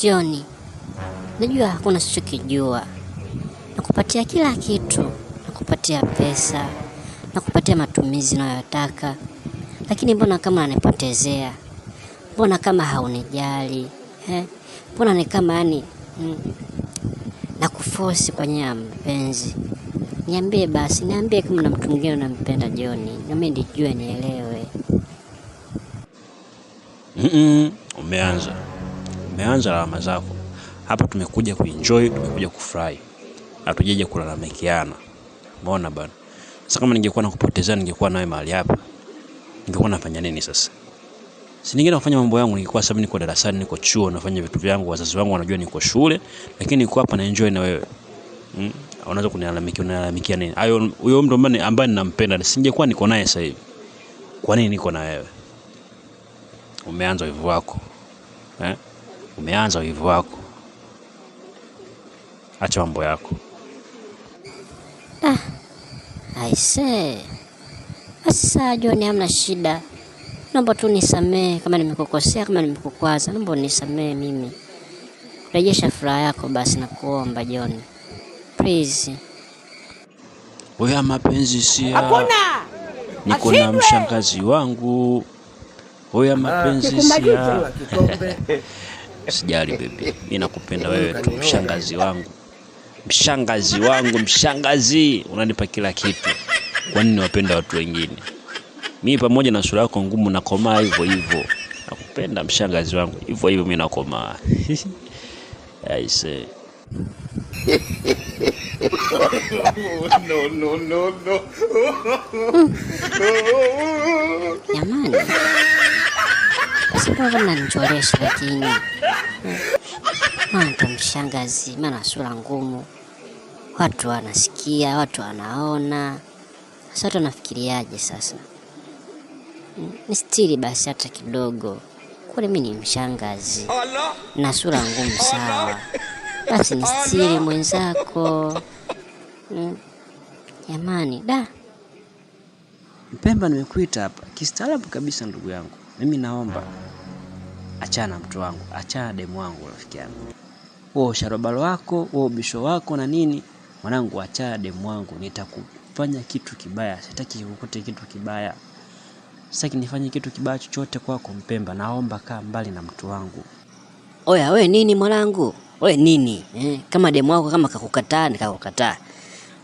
John, najua hakuna sichokijua. Nakupatia kila kitu, nakupatia pesa, nakupatia matumizi unayotaka, lakini mbona kama nanipotezea? Mbona kama haunijali eh? Mbona ni kama yani mm, nakufosi kwenye mpenzi? Niambie basi, niambie kama na mtu mwingine unampenda Joni, nami nijue, nielewe. Mm -mm, umeanza Umeanza lawama zako. Hapa tumekuja kuenjoy, tumekuja kufurahi. Hatujaje kulalamikiana. Umeona bwana? Sasa kama ningekuwa nakupotezea ningekuwa nawe mahali hapa. Ningekuwa nafanya nini sasa? Si ningine nafanya mambo yangu ningekuwa sababu niko darasani, niko chuo, nafanya vitu vyangu, wazazi wangu wanajua niko shule, lakini niko hapa na enjoy na wewe. Mm? Unaanza kunilalamikia, unanilalamikia nini? Hayo huyo mtu ambaye ninampenda, singekuwa niko naye sasa hivi. Kwa nini niko na wewe? Umeanza wivu wako. Eh? Umeanza wivu wako, acha mambo yako. Ah, aisee, basi saa John, hamna shida, naomba tu nisamee kama nimekukosea, kama nimekukwaza, naomba nisamee mimi. Rejesha furaha yako basi, nakuomba John, please. Oya, mapenzi sia, hakuna niko na mshangazi wangu. Oya, mapenzi ah, sia Sijali bibi mimi nakupenda wewe tu, mshangazi wangu, mshangazi wangu, mshangazi, unanipa kila kitu. Kwa nini wapenda watu wengine? Mimi pamoja na sura yako ngumu nakomaa hivyo hivyo, nakupenda mshangazi wangu, hivyo hivyo mimi nakomaa aise no, no, no, no. Jamani wewe mnanicholesha lakini. Manta hmm. mshangazi, maana sura ngumu. Watu wanasikia, watu wanaona. Sasa watu wanafikiriaje sasa? Hmm, ni stiri basi hata kidogo. Kule mimi ni mshangazi na sura ngumu, sawa? Basi ni stiri mwenzako. Hmm. Jamani, da Mpemba, nimekuita hapa kistaarabu kabisa, ndugu yangu. Mimi naomba achana mtu wangu, achana demu wangu, rafiki yangu, wewe sharobalo wako, wewe ubisho wako na nini, mwanangu, achana demu wangu, nitakufanya kitu kibaya, sitaki ukute kitu kibaya, sitaki nifanye kitu kibaya chochote kwako Mpemba, naomba kaa mbali na mtu wangu. Oya we nini mwanangu, we nini eh? Kama demu wako kama kakukataa nikakukataa,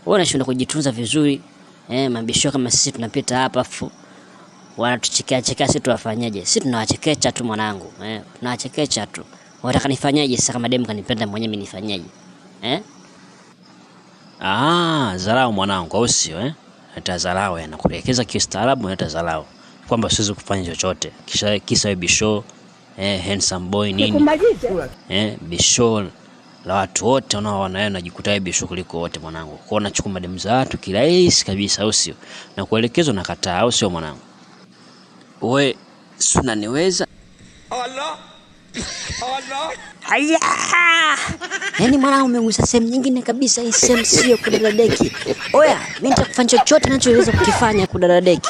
wewe unashinda kujitunza vizuri eh, mabishio kama sisi tunapita hapa wanatuchekea chekea, sisi tuwafanyaje? Sisi tunawachekecha tu mwanangu, eh, tunawachekecha tu. Wataka nifanyaje sasa? Kama demu kanipenda mwenyewe mimi nifanyaje eh? Ah, zarau mwanangu, au sio eh? Hata zarau yana kuelekeza kistaarabu, hata zarau kwamba siwezi kufanya chochote kisha kisa bisho eh, handsome boy nini eh, bisho la watu wote unaoona wewe unajikuta wewe bisho kuliko wote mwanangu. Kwa unachukua mademu za watu kirahisi kabisa, au sio? Na kuelekezwa na kataa, au sio mwanangu? We sunaniweza Allah. Allah. Haya. Yaani mwanangu umegusa sehemu nyingine kabisa, hii sehemu sio kudaradeki Oya, mimi nitakufanya chochote ninachoweza kukifanya kudaradeki